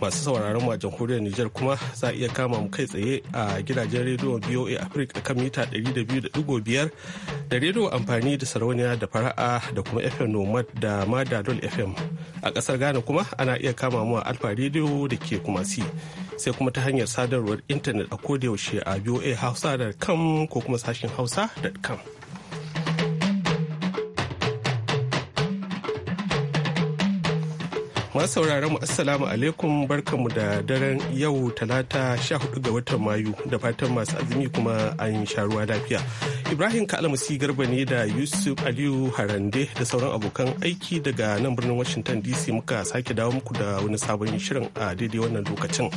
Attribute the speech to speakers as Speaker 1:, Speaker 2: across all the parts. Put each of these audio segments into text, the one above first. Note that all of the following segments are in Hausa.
Speaker 1: masu sauraron mu a jamhuriyar Nijar kuma za iya kama mu kai tsaye a gidajen rediyon BOA Africa kan mita 200.5 da rediyo amfani da sarauniya da fara'a da kuma FM Nomad da Madadol FM. A kasar Ghana kuma ana iya kama mu a Alfa rediyo da ke kuma si. Sai kuma ta hanyar sadarwar intanet a kodayaushe a Hausa.com ko kuma sashen hausa.com. Masu sauraron mu Assalamu alaikum barkanmu da daren yau talata 14 ga watan Mayu da fatan masu azumi kuma an sha ruwa lafiya. Ibrahim Kalmasi Garba ne da Yusuf Aliyu Harande da sauran abokan aiki daga nan birnin Washington DC muka sake dawo muku da wani sabon shirin a daidai wannan lokacin.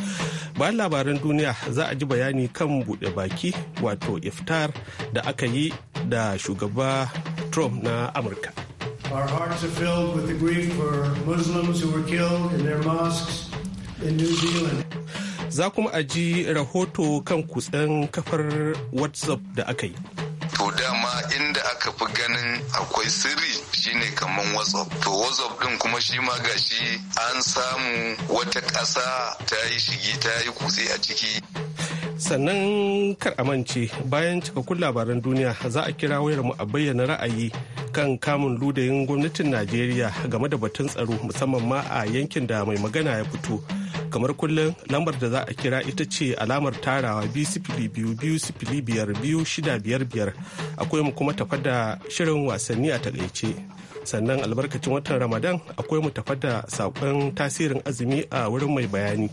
Speaker 1: Bayan labaran duniya za a ji bayani kan buɗe baki wato iftar da aka yi da shugaba Trump na Amurka.
Speaker 2: Our hearts are filled with the grief for Muslims who were killed in their mosques in New Zealand.
Speaker 1: Za kuma a ji rahoto kan kutsen kafar WhatsApp da aka yi.
Speaker 3: To dama inda aka fi ganin akwai sirri shine kamar WhatsApp. To WhatsApp din kuma shi ma gashi an samu wata ƙasa ta yi shigi ta yi kutse a ciki.
Speaker 1: sannan kar a mance bayan cikakkun labaran duniya za a kira wayarmu a bayyana ra'ayi kan kamun ludayin gwamnatin najeriya game da batun tsaro musamman ma a yankin da mai magana ya fito kamar kullum lambar da za a kira ita ce alamar tarawa biyu sifili biyu biyu sifili biyar biyu shida biyar biyar akwai mu kuma tafa da shirin wasanni a takaice sannan albarkacin watan ramadan akwai mu tafa da saƙon tasirin azumi a wurin mai bayani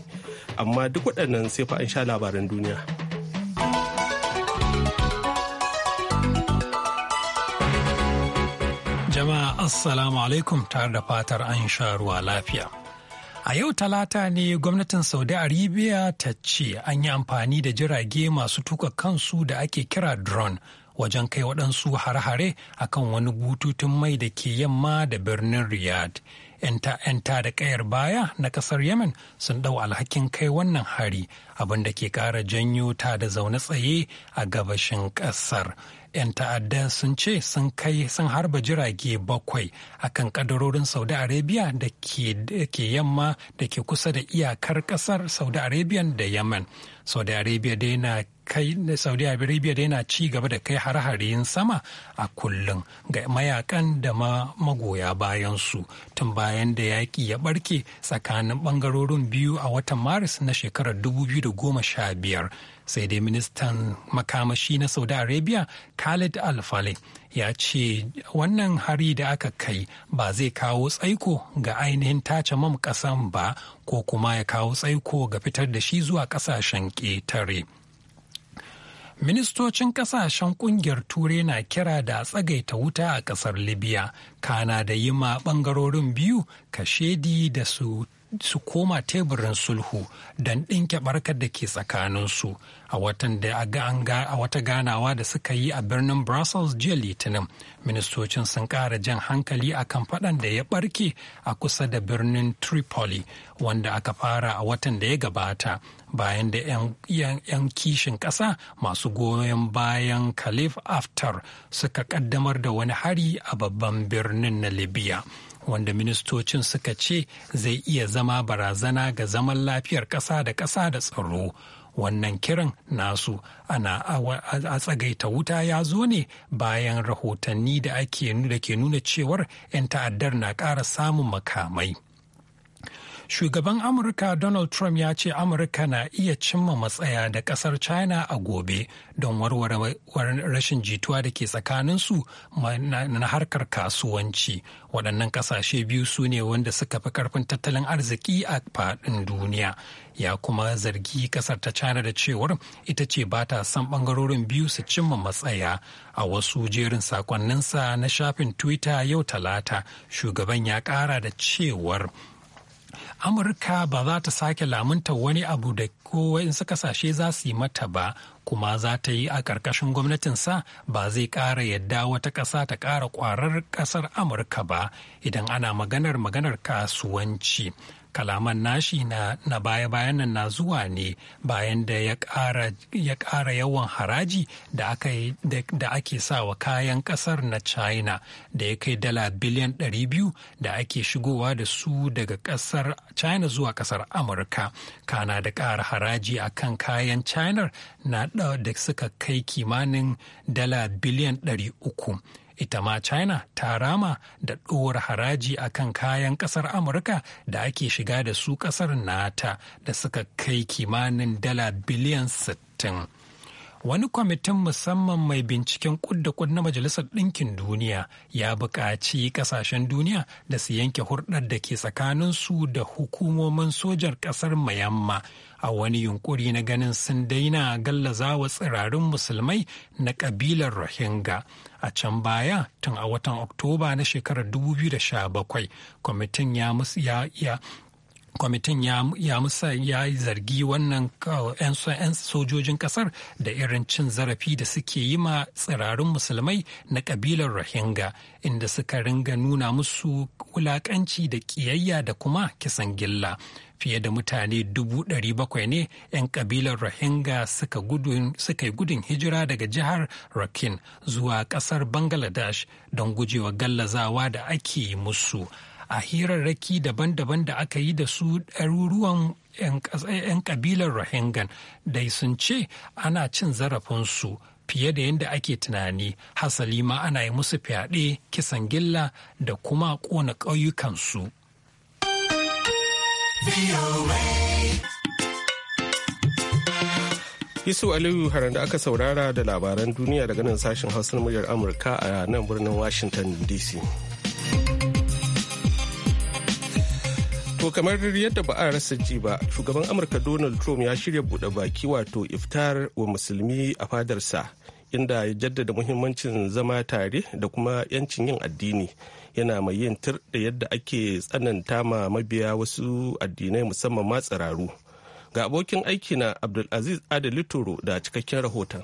Speaker 1: amma duk waɗannan sai fa an sha labaran duniya.
Speaker 4: Jama'a Assalamu alaikum tare da fatar an sha ruwa lafiya. A yau talata ne gwamnatin Saudi Arabia ta ce an yi amfani da jirage masu tuka kansu da ake kira drone wajen kai waɗansu hare hare a kan wani bututun mai da ke yamma da birnin Riyadh. 'Yan ta da ƙayar baya na ƙasar Yemen sun ɗau alhakin kai wannan hari abin da ke ƙara janyo ta da zaune tsaye a gabashin ƙasar. 'yan ta'adda sun ce sun kai sun harba jirage bakwai akan kadarorin saudi arabia da ke yamma da ke kusa da iyakar kasar saudi arabia da yemen saudi arabia dai kai saudi arabia dai ci gaba da kai har-haren sama a kullum ga mayakan da ma magoya bayansu tun bayan da yaƙi ya barke tsakanin ɓangarorin biyu a watan maris na shekarar 2015 sai dai ministan makamashi na saudi arabia khalid al-falih ya ce wannan hari da aka kai ba zai kawo tsaiko ga ainihin tace mam kasan ba ko kuma ya kawo tsaiko ga fitar da shi zuwa kasashen ƙetare. Ministocin kasashen kungiyar Turai na kira da tsagaita wuta a kasar Libya, kana da yi ma bangarorin biyu kashedi da su su koma teburin sulhu don ɗinke barkar da ke tsakaninsu a watan da a wata ganawa da suka yi a birnin brussels jiya litinin ministocin sun ƙara jan hankali a kan faɗan da ya ɓarke a kusa da birnin tripoli wanda aka fara a watan da ya gabata bayan da 'yan kishin ƙasa masu goyon bayan khalif aftar suka ƙaddamar da wani hari a babban birnin na libya wanda ministocin suka ce zai iya zama barazana ga zaman lafiyar ƙasa da ƙasa da tsaro wannan kiran nasu ana a tsagaita wuta ya zo ne bayan rahotanni da ke nuna cewar 'yan ta'addar na ƙara samun makamai Shugaban Amurka Donald Trump ya ce Amurka na iya cimma matsaya da ƙasar China a gobe don warware rashin jituwa da ke tsakaninsu na harkar kasuwanci. Waɗannan ƙasashe biyu su ne wanda suka fi ƙarfin tattalin arziki a faɗin duniya. Ya kuma zargi ƙasar ta China da cewar ita ce ba ta san ɓangarorin biyu su cimma matsaya a wasu jerin sakonninsa na shafin Twitter yau talata. Shugaban ya ƙara da cewar amurka ba za ta sake lamunta wani abu da waɗansu kasashe za su yi mata ba kuma za ta yi a ƙarƙashin gwamnatinsa ba zai ƙara yadda wata ƙasa ta ƙara ƙwarar ƙasar amurka ba idan ana maganar maganar kasuwanci kalaman nashi na, na baya-bayan nan na zuwa ne bayan da ya ƙara yawan haraji da, ake, da ake sawa kayan ƙasar na china da ya kai dala biliyan 200 da ake shigowa da su daga ƙasar china zuwa ƙasar amurka kana da ƙara haraji a kan kayan china na da suka kai kimanin dala biliyan 300 ita ma china ta rama da ɗora haraji a kan kayan ƙasar amurka da ake shiga da su ƙasar nata da suka kai kimanin dala biliyan 60 wani kwamitin musamman mai binciken kud na majalisar ɗinkin duniya ya buƙaci ƙasashen duniya da su yanke hurɗar da ke tsakanin su da hukumomin sojar ƙasar mayamma a wani yunƙuri na ganin sun daina gallazawa tsirarin musulmai na ƙabilar rohingya a can baya tun a watan oktoba na shekarar 2017 kwamitin ya kwamitin ya musa ya zargi wannan 'yan sojojin kasar da irin cin zarafi da suke yi ma tsirarun musulmai na kabilar rohingya inda suka ringa nuna musu wulaƙanci da ƙiyayya da kuma kisan gilla fiye da mutane dubu ɗari bakwai ne 'yan kabilar rohingya suka yi gudun hijira daga jihar rakin zuwa ƙasar bangladesh don gujewa gallazawa da ake musu. a hirarraki daban-daban da aka yi da su ɗaruruwan 'yan ƙabilar rohingya dai sun ce ana cin zarafinsu fiye da yadda ake tunani hasali ma ana yi musu fyaɗe kisan gilla da kuma ƙona ƙauyukansu.
Speaker 1: Yusuf Aliyu haran da aka saurara da labaran duniya daga nan sashen hausa muryar Amurka a nan birnin Washington DC. To kamar yadda ba a rasa ji ba, shugaban Amurka Donald Trump ya shirya buɗe baki wato iftar wa musulmi a fadarsa, inda ya jaddada muhimmancin zama tare da kuma 'yancin yin addini. Yana mai yin tir da yadda ake tsananta ma mabiya wasu addinai musamman ma tsiraru. Ga abokin aiki na Abdulaziz Adalitoro da cikakken rahoton.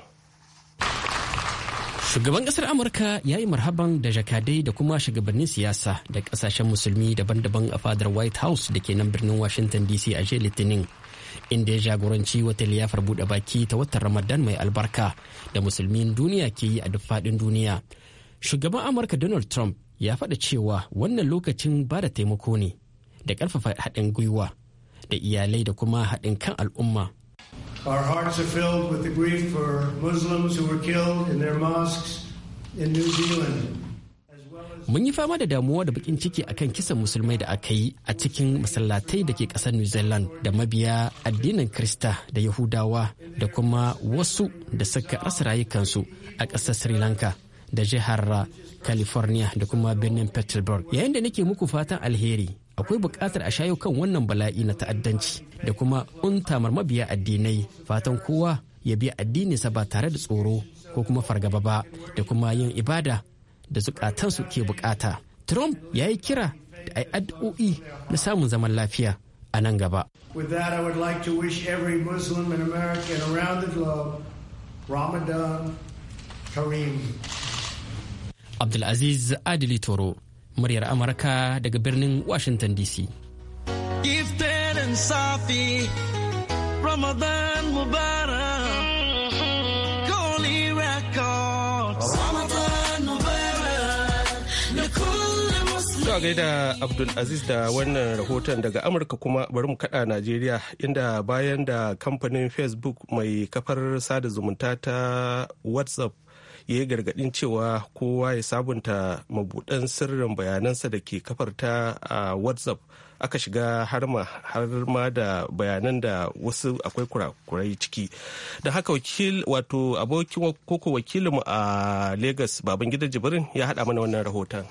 Speaker 5: Shugaban kasar Amurka ya yi marhaban da jakadai da kuma shugabannin siyasa da kasashen musulmi daban-daban a fadar White House da ke nan birnin Washington DC a jiya Litinin. Inda ya jagoranci wata liyafar buɗe baki ta watan Ramadan mai albarka da musulmin duniya ke yi a duk faɗin duniya. Shugaban Amurka Donald Trump ya faɗa cewa wannan lokacin ba da taimako ne da ƙarfafa haɗin gwiwa da iyalai da kuma haɗin kan al'umma
Speaker 2: Our hearts are filled with the grief for Muslims who were killed in their mosques
Speaker 4: in New Zealand.
Speaker 5: Mun yi fama da damuwa da bakin ciki akan kisan musulmai da aka yi a cikin masallatai da ke kasar New Zealand da mabiya addinin Krista da Yahudawa da kuma wasu da suka rasa rayukansu a kasar Sri Lanka da jihar California da kuma birnin Petersburg. Yayin da nake muku fatan alheri, akwai buƙatar a shayo kan wannan bala'i na ta'addanci da kuma untamar mabiya addinai fatan kowa ya biya addininsa ba tare da tsoro ko kuma fargaba ba da kuma yin ibada da zukatansu ke bukata. Trump ya yi kira da ai addu'o'i na samun zaman lafiya a nan gaba. Abdulaziz Adili Toro, muryar Amurka daga birnin Washington DC.
Speaker 3: Gifted and Safi, Ramadan Mubarak. Zuwa
Speaker 1: gaida Abdulaziz da wannan rahoton daga Amurka kuma bari mu kada Najeriya inda bayan da kamfanin Facebook mai kafar sada zumunta ta WhatsApp ya yi gargaɗin cewa kowa ya sabunta mabuɗan sirrin bayanansa da ke kafarta a whatsapp aka shiga har ma da bayanan da wasu akwai kurakurai ciki da haka wakil wato abokin koko wakilinmu a lagos babangida jibrin ya haɗa mana wannan rahoton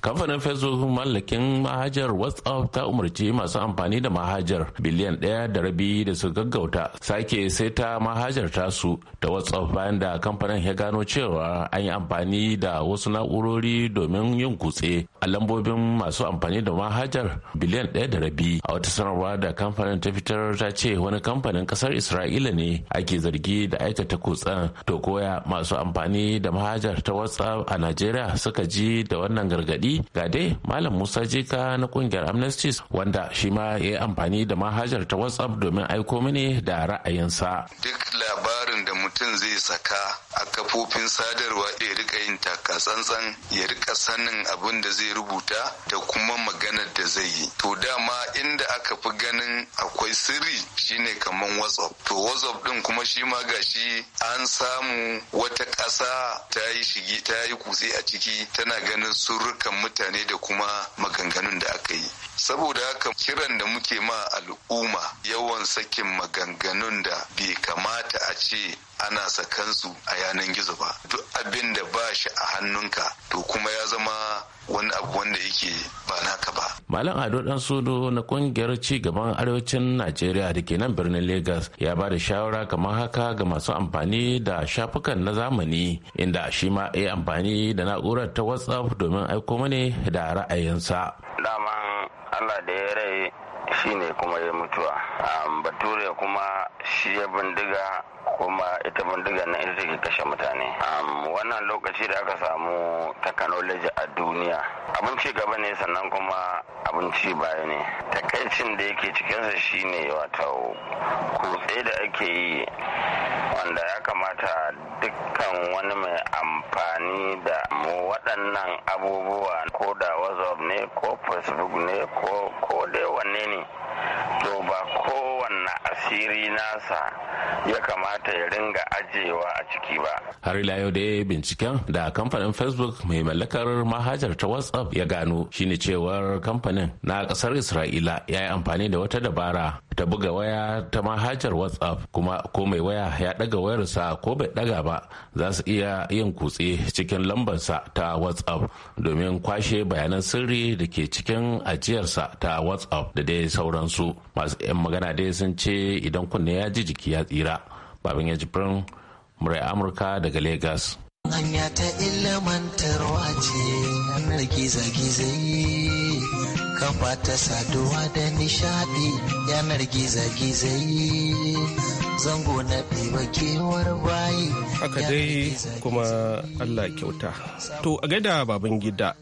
Speaker 6: kamfanin facebook mallakin mahajar whatsapp ta umarci masu amfani da mahajar biliyan ɗaya da rabi da su gaggauta sake sai ta mahajar tasu ta whatsapp bayan da kamfanin ya gano cewa an yi amfani da wasu na'urori domin yin kutse a lambobin masu amfani da mahajar biliyan ɗaya da rabi a wata sanarwa da kamfanin ta fitar ta ce wani kamfanin kasar isra'ila ne ake zargi da aikata kutsen to koya masu amfani da mahajar ta whatsapp a najeriya suka ji da wannan gargaɗi kuɗi ga dai malam musa jika na kungiyar amnesty wanda shi ma ya yi amfani da mahajar ta whatsapp domin aiko mini da ra'ayinsa
Speaker 3: duk labarin da mutum zai saka a kafofin sadarwa ya rika yin taka tsantsan ya rika sanin abin da zai rubuta da kuma maganar da zai yi to dama inda aka fi ganin akwai sirri shine kamar whatsapp to whatsapp din kuma shi ma gashi an samu wata ƙasa ta yi shigi ta yi kutse a ciki tana ganin surrukan mutane da kuma maganganun da aka yi saboda haka kiran da muke ma al'umma yawan sakin maganganun da bai kamata a ce ana sakansu a yanan gizo ba duk abin da ba shi a hannunka to kuma ya zama wani abu wanda yake ba
Speaker 6: naka ba. Malam Ado Dan Sodo na kungiyar ci gaban arewacin Najeriya da ke nan birnin lagos ya ba da shawara kamar haka ga masu amfani da shafukan na zamani inda shi ma ya amfani da na'urar ta WhatsApp domin aiko mani da ra'ayinsa. Dama
Speaker 2: Allah da ya rai Shi ne kuma ya mutuwa bature kuma shi ya bindiga kuma ita bindiga na ita take kashe mutane wannan lokaci da aka samu takanoloji a duniya abin gaba ne sannan kuma abinci baya ne takaicin da yake cikinsa shi shine wato kutse da ake yi wanda ya kamata dukkan wani mai amfani da waɗannan abubuwa ko da whatsapp ne ko facebook ne ko dai wanne ne to ba kowanne
Speaker 6: asiri nasa ya kamata ya ringa ajiyewa a ciki ba har ila yau da binciken da kamfanin facebook mai mallakar mahajar ta whatsapp ya gano shine cewar kamfanin na ƙasar isra'ila ya yi amfani da wata dabara ta buga waya ta mahajar whatsapp kuma ko mai waya ya daga wayarsa ko bai ɗaga ba za su iya yin kutse cikin lambarsa ta whatsapp domin kwashe bayanan sirri da ke cikin ajiyarsa ta whatsapp da dai sauransu masu 'yan magana dai sun ce idan kunne ya ji jiki ya tsira babin ya jibrin murai amurka daga lagos
Speaker 3: hanya ta ilmantarwa ce yanar gizagizai kafa ta saduwa da nishadi yanar gizagizai zango na bayi haka dai
Speaker 1: kuma allah kyauta to a gaida baban gida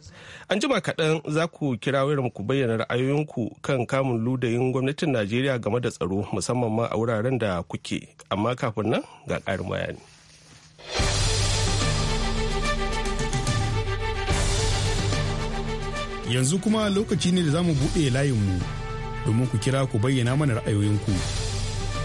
Speaker 1: an jima kaɗan za ku kira wayar ku bayyana ra'ayoyinku kan kamun ludayin gwamnatin najeriya game da tsaro musamman ma a wuraren da kuke amma kafin nan ga ƙarin bayani
Speaker 3: yanzu kuma lokaci ne da za mu buɗe layinmu domin ku kira ku bayyana mana ra'ayoyinku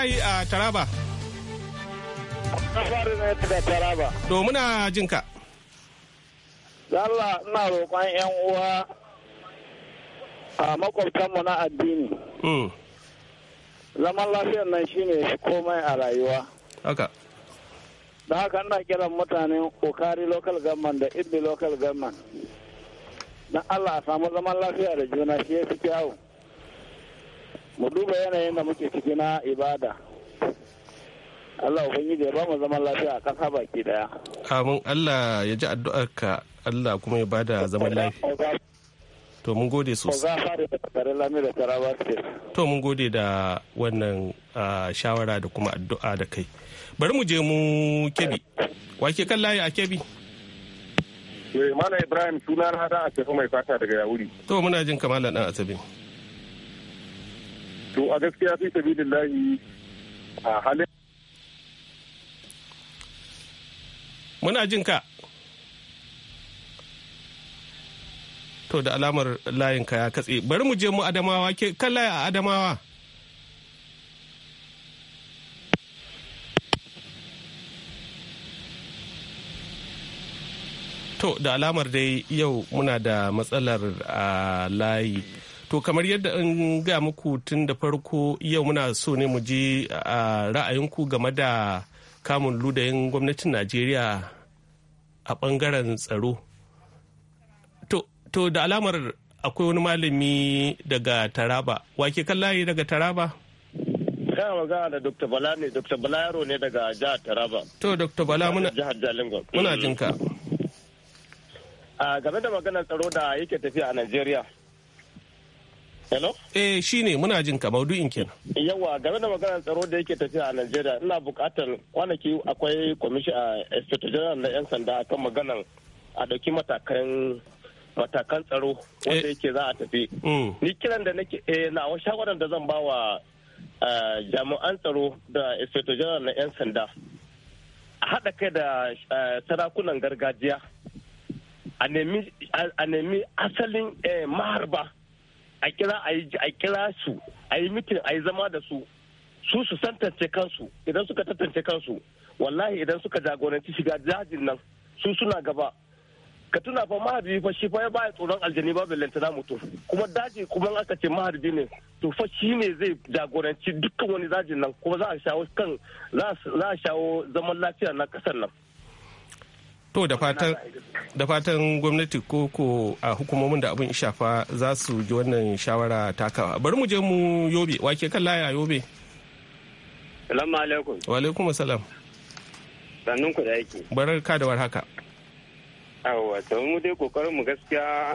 Speaker 1: Abdullahi a Taraba? domin a jin ka.
Speaker 2: Allah ina roƙon 'yan uwa a makwabtanmu na addini. Hmm. Zaman lafiyar nan shi ne komai a rayuwa. Haka. Da haka ina kiran mutanen Okari local government da Ibbi local government. Na Allah a samu zaman lafiya da juna shi ya fi kyawu. mu duba yanayin da muke ciki na ibada Allah Ubangiji ya ba mu zaman lafiya a ƙasa baki daya.
Speaker 1: Amin Allah ya ji addu'arka Allah kuma ya bada zaman
Speaker 2: lafiya.
Speaker 1: To mun gode sosai. To mun gode da wannan shawara da kuma addu'a da kai. Bari mu je mu kebi.
Speaker 2: Wake kan layi a kebi? Eh, Mana Ibrahim suna na da Asabe mai fata daga Yawuri.
Speaker 1: To muna jin kamala dan Asabe.
Speaker 2: to a gaskiya fi sabilillahi a halin
Speaker 1: muna jin ka to da alamar layin ka ya katse bari mu je mu adamawa ke kan layi a adamawa to da alamar dai yau muna da matsalar a layi To kamar yadda in ga muku tun da farko yau muna so ne mu ji ra'ayinku game da kamun ludayin gwamnatin Najeriya a ɓangaren tsaro. To da alamar akwai wani malami daga Taraba. Wake layi daga Taraba?
Speaker 2: Kana magana da Dr. Bala ne, Dr. Bala yaro ne daga jihar Taraba.
Speaker 1: To Dr. Bala muna muna
Speaker 2: jinka. A game da maganar tsaro da yake tafiya a Najeriya. Hello? Eh shi ne muna jin ka maudu'in kenan. Yawa game da maganar tsaro da yake tafiya a Najeriya ina buƙatar kwanaki akwai kwamishin a Inspector na 'yan sanda kan maganar a ɗauki matakan tsaro wanda eh. yake za a tafi. Mm. Ni kiran da nake eh na shawaran da zan bawa eh, jami'an tsaro da Inspector na 'yan sanda. A haɗa kai da eh, sarakunan gargajiya a nemi asalin maharba. a kira a kira su a yi mitin a yi zama da su su su tantance kansu idan suka tantance kansu wallahi idan suka jagoranci shiga jajin nan su suna gaba ka tuna fa maharbi fa shi fa ya baya tsoron aljani babu lantana mutum kuma daji kuma aka ce maharbi ne to fa shi ne zai jagoranci dukkan wani dajin nan kuma za a shawo kan za a shawo zaman lafiya na kasar nan
Speaker 1: To da fatan da fatan gwamnati ko ko a hukumomin da abin shafa za su ji wannan shawara taka. Bari mu je mu yobe, wake kan laya yobe.
Speaker 2: Salamu alaikum.
Speaker 1: Wa alaikum salam.
Speaker 2: Sannun ku da yake.
Speaker 1: Barar ka da war haka.
Speaker 2: Yawwa, to mu dai kokarin mu gaskiya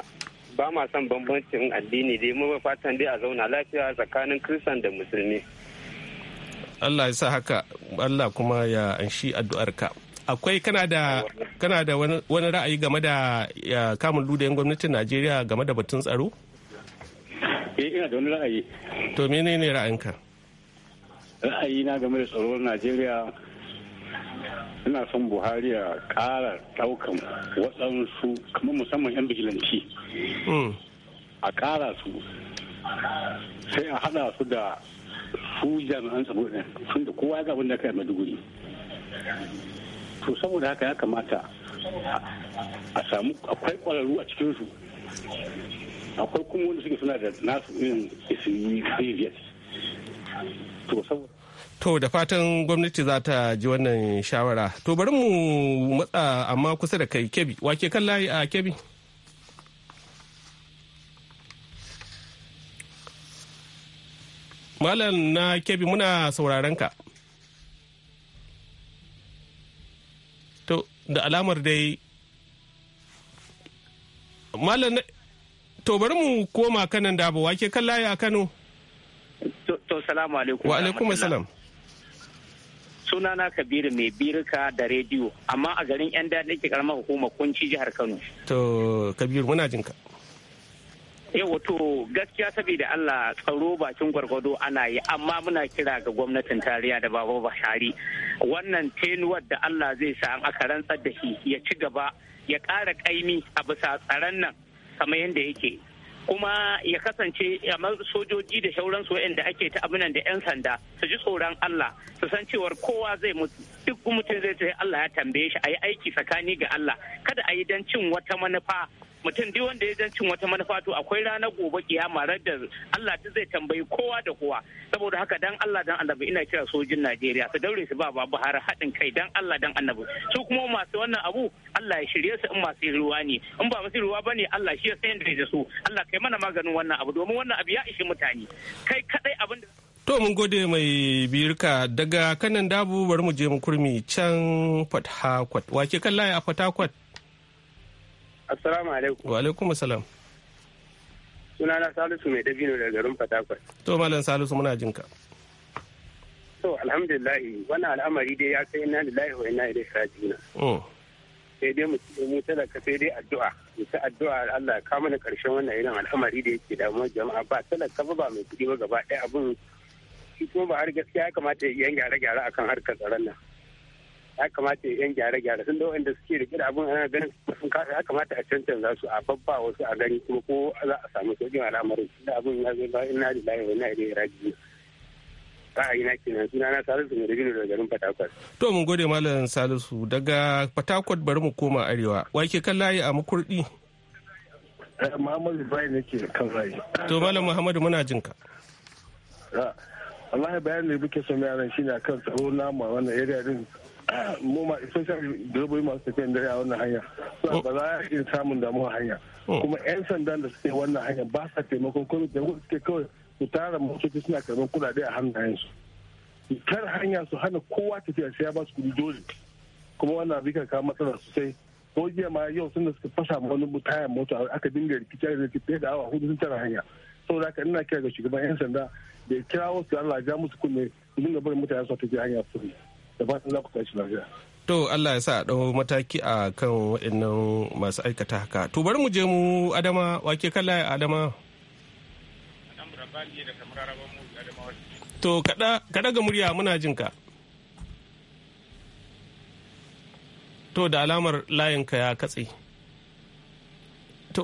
Speaker 2: ba ma son bambancin addini dai mu fatan dai a zauna lafiya tsakanin kristan da musulmi.
Speaker 1: Allah ya sa haka, Allah kuma ya anshi addu'arka. akwai kana da kana da wani ra'ayi game da kamun ludayen gwamnatin najeriya game da batun tsaro
Speaker 2: eh ina da wani ra'ayi to
Speaker 1: menene ra'ayinka
Speaker 2: ra'ayi na game da tsaron najeriya ina son buhari ya ƙara ɗaukan waɗansu kamar musamman 'yan bijilanci mm. a kara su sai a haɗa su da su jami'an tsaro ne tun da kowa ya ga abin da kai maiduguri to saboda haka ya kamata a samu akwai ƙwararru a cikinsu akwai kuma wanda suke suna da nasu irin experience to
Speaker 1: saboda To da fatan gwamnati za ta ji wannan shawara. To bari mu matsa amma kusa da kai kebi. Wake kan layi a kebi? Malam na kebi muna sauraron ka. to da alamar dai malam to bari mu koma kanan da ba ke kan layi a Kano
Speaker 7: to salamu alaikum wa alaikum assalam sunana kabiru mai birka da rediyo amma a garin yan daɗin karamar hukumar kunci jihar Kano
Speaker 1: to kabiru muna jinka
Speaker 7: yawa to gaskiya saboda Allah tsaro bakin gwargwado ana yi amma muna kira ga gwamnatin tariya da Babu bashari wannan tenuwar da Allah zai sa an aka rantsar da shi ya ci gaba ya ƙara ƙaimi a bisa tsaron nan kamar yadda yake kuma ya kasance kamar sojoji da shauransu da ake ta abinan da 'yan sanda su ji tsoron Allah su san cewar kowa zai mutu duk mutum zai ce Allah ya tambaye shi a yi aiki tsakani ga Allah kada a yi don cin wata manufa mutum duk wanda ya cin wata manufa to akwai ranar gobe kiyama da Allah ta zai tambayi kowa da kowa saboda haka dan Allah dan annabi ina kira sojin Najeriya su daure su ba babu har haɗin kai dan Allah dan annabi su kuma masu wannan abu Allah ya shirye su in masu ruwa ne in ba masu ruwa bane Allah shi ya san da su Allah kai mana maganin wannan abu domin wannan abu ya ishi mutane kai kadai
Speaker 1: abin da To mun gode mai birka daga kanan dabu bari mu je mu kurmi can Fatakwat. Wake kan a Fatakwat?
Speaker 2: Assalamu alaikum.
Speaker 1: Wa alaikum assalam.
Speaker 2: Sunana Salisu mai dabino daga garin Fatakwal.
Speaker 1: To Malam Salisu muna jinka.
Speaker 2: To alhamdulillah wannan al'amari dai ya kai na lillahi wa inna ilaihi raji'un. Oh. Sai dai mu mu talaka sai dai addu'a. Mu ta addu'a Allah ka mana karshen wannan irin al'amari da yake damuwar jama'a ba talaka ba ba mai kuɗi ba gaba ɗaya abun shi kuma ba har gaskiya ya kamata ya yi gyare-gyare akan harkar tsaron nan. ya kamata yan gyare-gyare sun da wanda suke da abin ana ganin sun kasa ya kamata a za su a babba wasu a gani kuma ko za a samu sauƙin al'amarin da abin ya zai bayan na lillahi wani na ilaihi raji'un ra'ayina kenan suna na salisu mai dabino daga garin fatakwal.
Speaker 1: to mun gode malam salisu daga fatakwal bari mu koma arewa wake kan layi a makurdi.
Speaker 2: Eh, muhammadu Bayan nake kan layi. to
Speaker 1: malam muhammadu muna jinka.
Speaker 2: Ah, wallahi bayanin da son yaran shine akan tsaro nama wannan area din mu ma especially direbobi masu tafiyan dare a wannan hanya oh. ba za a iya samun damuwa hanya oh. kuma yan sandan da suke wannan hanya ba sa taimakon kuma taimako suke kawai su tara motoci suna karɓar kuɗaɗe a su kar hanya su hana kowa tafiya sai ya ba su kuɗi dole kuma wannan abin kan kawo matsala sosai ko jiya ma yau sun da suka fasa ma wani tayan mota aka dinga rikici da rikici da awa hudu sun tara hanya da haka ina kira ga shugaban yan sanda da ya wasu su Allah ja musu kunne su dinga barin mutane su tafi hanya su da fatan za ku tashi lafiya.
Speaker 1: To Allah ya sa a ɗau mataki a kan waɗannan masu aikata haka. To bari mu je mu Adama wake kalla Adama. To kaɗa ga murya muna jin ka. To da alamar layinka ya katse. To.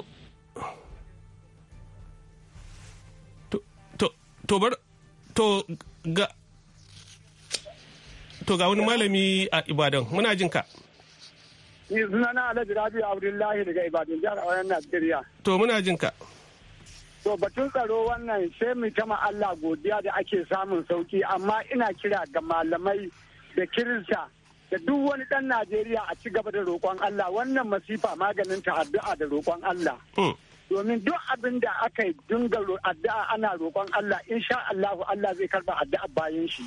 Speaker 1: To. To. To. To. Ga. to ga wani malami a Ibadan muna jin ka.
Speaker 2: Ni na Alhaji Rabi Abdullahi daga Ibadan jihar Auren Najeriya.
Speaker 1: To muna jin ka.
Speaker 2: To batun tsaro wannan sai mu ta Allah godiya da ake samun sauki amma ina kira ga malamai da kirista da duk wani ɗan Najeriya a ci gaba da roƙon Allah wannan masifa maganin ta addu'a da roƙon Allah. Hmm. Domin duk abin da aka yi dinga addu'a ana roƙon Allah insha Allah Allah zai karba addu'a bayan shi.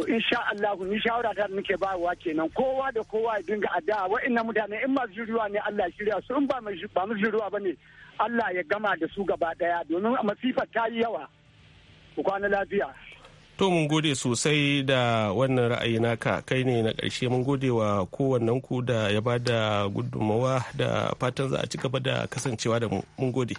Speaker 2: to insha Allah ni shawara ta muke bayarwa kenan kowa da kowa ya dinga addu'a wa'annan mutane in masu shiruwa ne Allah ya shirya su in ba mu ba mu shiruwa bane Allah ya gama da su gaba daya domin masifar ta yi yawa ku kwana lafiya
Speaker 1: To mun gode sosai da wannan ra'ayi naka kai ne na ƙarshe mun gode wa kowannen ku da ya bada gudunmawa da fatan za a ci gaba da kasancewa da mu mun gode.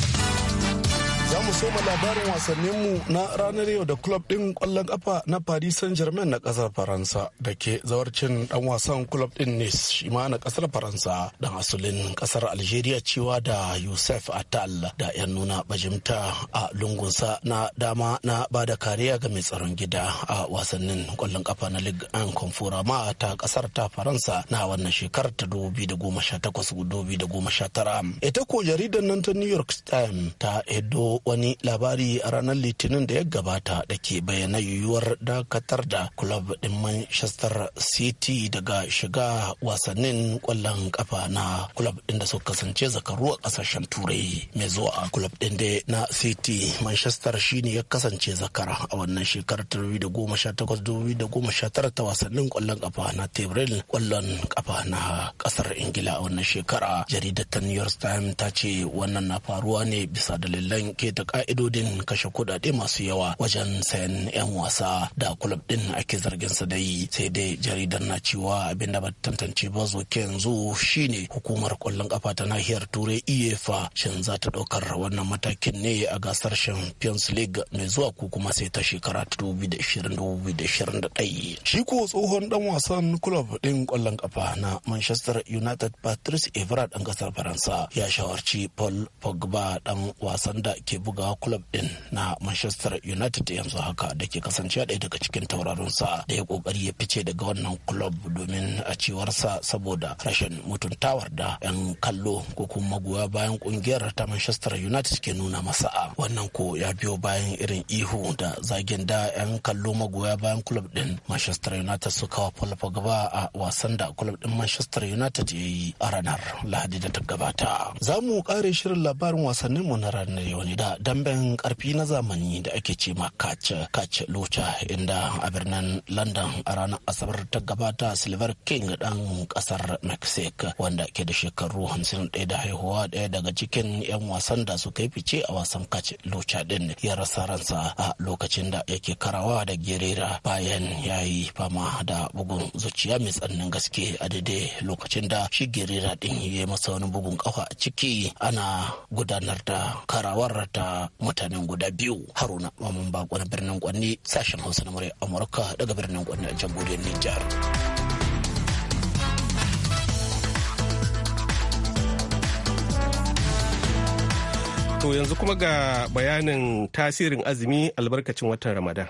Speaker 3: soma labarin wasanninmu na ranar yau da club ɗin ƙwallon ƙafa na Paris Saint-Germain na ƙasar Faransa da ke zawarcin ɗan wasan club ɗin Nice shi ma na ƙasar Faransa dan asulin ƙasar Algeria cewa da Youssef Atal da 'yan nuna bajimta a lungunsa na dama na ba da kariya ga mai tsaron gida a wasannin ƙwallon ƙafa na Ligue 1 ma ta ƙasar ta Faransa na wannan shekarar ta 2018-2019. Ita ko jaridar nan ta New York Times ta Edo wani labari a ranar litinin da ya gabata da ke bayyana yiwuwar dakatar da club din manchester city daga shiga wasannin kwallon kafa na club din da suka kasance zakaru a kasashen turai mai zuwa a club din da na city manchester shine ya kasance zakara a wannan shekarar 2018-2019 ta wasannin kwallon kafa na tebril kwallon kafa na kasar ingila a wannan shekara jaridar ta new york times ta ce wannan na faruwa ne bisa dalilan keta ka'idodin kashe kuɗaɗe masu yawa wajen sayan 'yan wasa da kulub ɗin ake zargin sa dai sai dai jaridar na cewa abin da ba tantance ba ke yanzu shine hukumar kwallon kafa ta nahiyar turai uefa shin za ta ɗaukar wannan matakin ne a gasar champions league mai zuwa ko kuma sai ta shekara ta 2021 shi ko tsohon dan wasan kulub din kwallon kafa na manchester united patrice evra ɗan kasar faransa ya shawarci paul pogba dan wasan da ke buga shugaba club din na Manchester United yanzu haka da ke kasancewa ɗaya daga cikin taurarinsa da ya kokari ya fice daga wannan club domin a cewarsa saboda rashin mutuntawar da 'yan kallo ko kuma magoya bayan kungiyar ta Manchester United ke nuna masa a wannan ko ya biyo bayan irin ihu da zagin da 'yan kallo magoya bayan club din Manchester United suka wa Paul Pogba a wasan da club din Manchester United ya yi a ranar Lahadi da ta gabata. Za mu kare shirin labarin wasannin mu na ranar yau ne da damben karfi na zamani da ake ce ma kace kace lucha inda a birnin london a ranar asabar ta gabata silver king dan kasar mexico wanda ke da shekaru 51 da haihuwa daya daga cikin 'yan wasan da suka yi fice a wasan kace lucha din ya rasa ransa a lokacin da yake karawa da gerera bayan ya yi fama da bugun zuciya mai tsannin gaske a daidai lokacin da shi gerera din ya masa wani bugun kafa a ciki ana gudanar da karawar ta mutanen guda biyu haruna mamun bako na birnin kwanne sashen hausa na murai amurka daga birnin kwanne a jamhuriyar nijar
Speaker 1: To yanzu kuma ga bayanin tasirin azumi albarkacin watan Ramadan.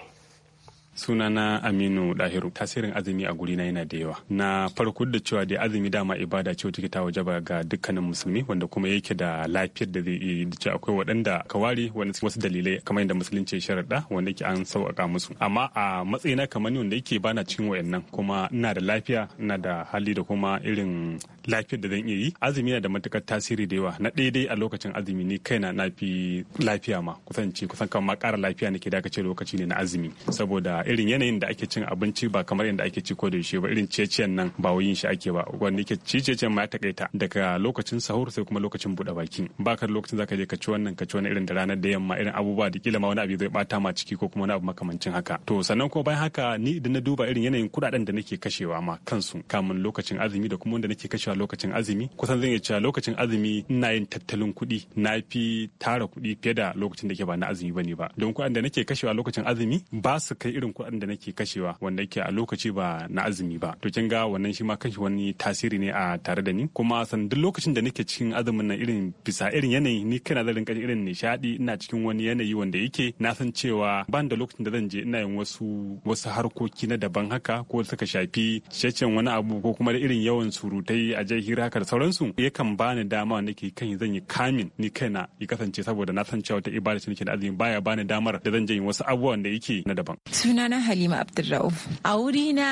Speaker 8: sunana aminu dahiru tasirin azumi a guri na yana da yawa na farko da cewa da azumi dama ibada ce take ta wajaba ga dukkanin musulmi wanda kuma yake da lafiyar da zai iya da cewa akwai waɗanda kawari wani wasu dalilai kamar yadda musulunci ya sharaɗa wanda yake an sauƙaƙa musu amma a matsayina kamar ni wanda yake bana cikin wayannan kuma ina da lafiya ina da hali da kuma irin lafiyar da zan iya yi azumi yana da matukar tasiri da yawa na daidai a lokacin azumi ne kaina na fi lafiya ma kusan ce kusan kan ma ƙara lafiya nake da kace lokaci ne na azumi saboda irin yanayin da ake cin abinci ba kamar yadda ake ci ko da yaushe ba irin ciye nan ba wayin shi ake ba wanda yake ci ciye-ciyen ma ya takaita daga lokacin sahur sai kuma lokacin buɗe baki ba ka lokacin zaka je ka ci wannan ka ci wannan irin da ranar da yamma irin abubuwa da kila ma wani abu zai bata ma ciki ko kuma wani abu makamancin haka to sannan kuma bayan haka ni idan na duba irin yanayin kuɗaɗen da nake kashewa ma kansu kamun lokacin azumi da kuma wanda nake kashewa cewa lokacin azumi kusan zan iya cewa lokacin azumi ina yin tattalin kuɗi na fi tara kuɗi fiye da lokacin da ke ba na azumi bane ba don kuɗin da nake kashewa lokacin azumi ba su kai irin kuɗin da nake kashewa wanda yake a lokaci ba na azumi ba to kin ga wannan shi ma kanshi wani tasiri ne a tare da ni kuma san duk lokacin da nake cikin azumin na irin bisa irin yanayi ni kana zan rinka irin nishadi ina cikin wani yanayi wanda yake na san cewa ban da lokacin da zan je ina yin wasu wasu harkoki na daban haka ko suka shafi cecen wani abu ko kuma da irin yawan surutai a hira haka da sauransu yakan bani dama nake kan zan yi kamin ni kaina ya kasance saboda na san cewa ta ibada ce nake da azumi baya bani damar da zan yi wasu abubuwan da yake na daban. Sunana Halima Abdulrauf.
Speaker 4: A wuri na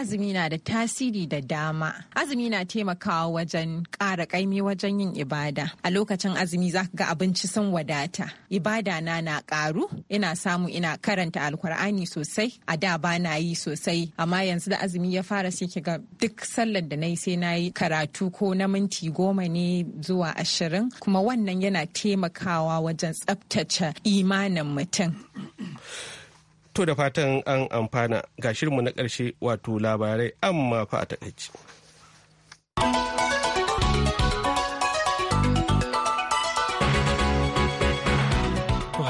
Speaker 4: azumi na da tasiri da dama. Azumi na taimakawa wajen ƙara ƙaimi wajen yin ibada. A lokacin azumi za ga abinci sun wadata. Ibada na na ƙaru, ina samu ina karanta alkur'ani sosai. A da ba na yi sosai, amma yanzu da azumi ya fara sai ga duk sallar da na yi sai na yi karatu ko na minti goma ne zuwa ashirin kuma wannan yana taimakawa wajen tsabtace imanin
Speaker 6: mutum.
Speaker 1: To da fatan an amfana ga shirinmu na ƙarshe wato labarai amma fa a takaici.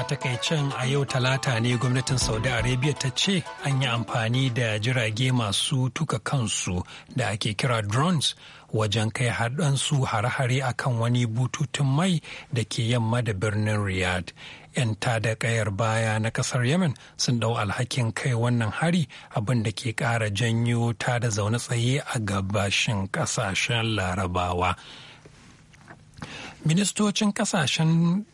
Speaker 4: takaicen a yau talata ne gwamnatin saudi arabia ta ce an yi amfani da jirage masu tuka kansu da ake kira drones wajen kai su hare-hare a kan wani bututun mai da ke yamma da birnin riyadh 'yan da kayar baya na kasar yemen sun ɗau alhakin kai wannan hari abin da ke ƙara janyo ta da zaune tsaye a gabashin ƙasashen larabawa ministocin kasashen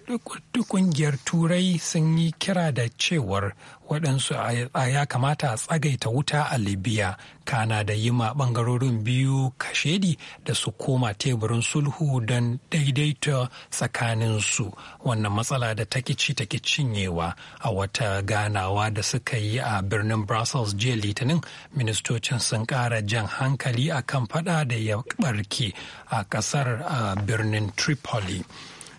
Speaker 4: kungiyar turai sun yi kira da cewar waɗansu a ya kamata a tsagaita wuta a libya kana da yi ma ɓangarorin biyu kashedi da su koma teburin sulhu don daidaita tsakaninsu wannan matsala da takici take cinyewa a wata ganawa da suka yi a birnin brussels jiya litinin ministocin sun ƙara jan hankali akan fada da ya ɓarke a ƙasar a birnin tripoli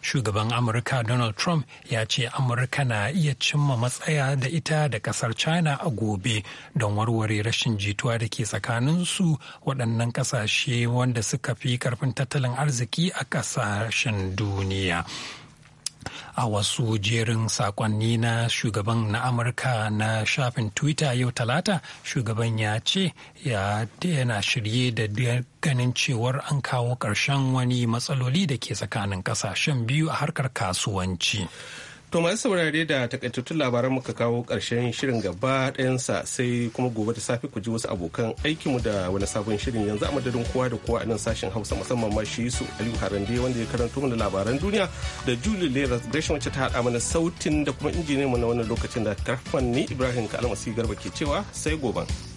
Speaker 4: shugaban amurka donald trump ya ce amurka na iya cimma matsaya da ita da kasar china a gobe don warware rashin jituwa da ke tsakaninsu waɗannan ƙasashe wanda suka fi karfin tattalin arziki a ƙasashen duniya a wasu jerin sakonni na shugaban na amurka na shafin twitter yau talata shugaban ya ce ya yana shirye da ganin cewar an kawo ƙarshen wani matsaloli da ke tsakanin ƙasashen biyu a harkar kasuwanci
Speaker 1: To masu saurare da takaitattun labaran muka kawo ƙarshen shirin gaba ɗayansa sai kuma gobe da safe ku ji wasu abokan aikinmu da wani sabon shirin yanzu a madadin kowa da kowa a nan sashen Hausa musamman ma shi su Aliyu Harande wanda ya karanto mana labaran duniya da Julie Lera Gresham wacce ta haɗa mana sautin da kuma injiniyan mu na wannan lokacin da karfan ni Ibrahim Kalmasi Garba ke cewa sai goben.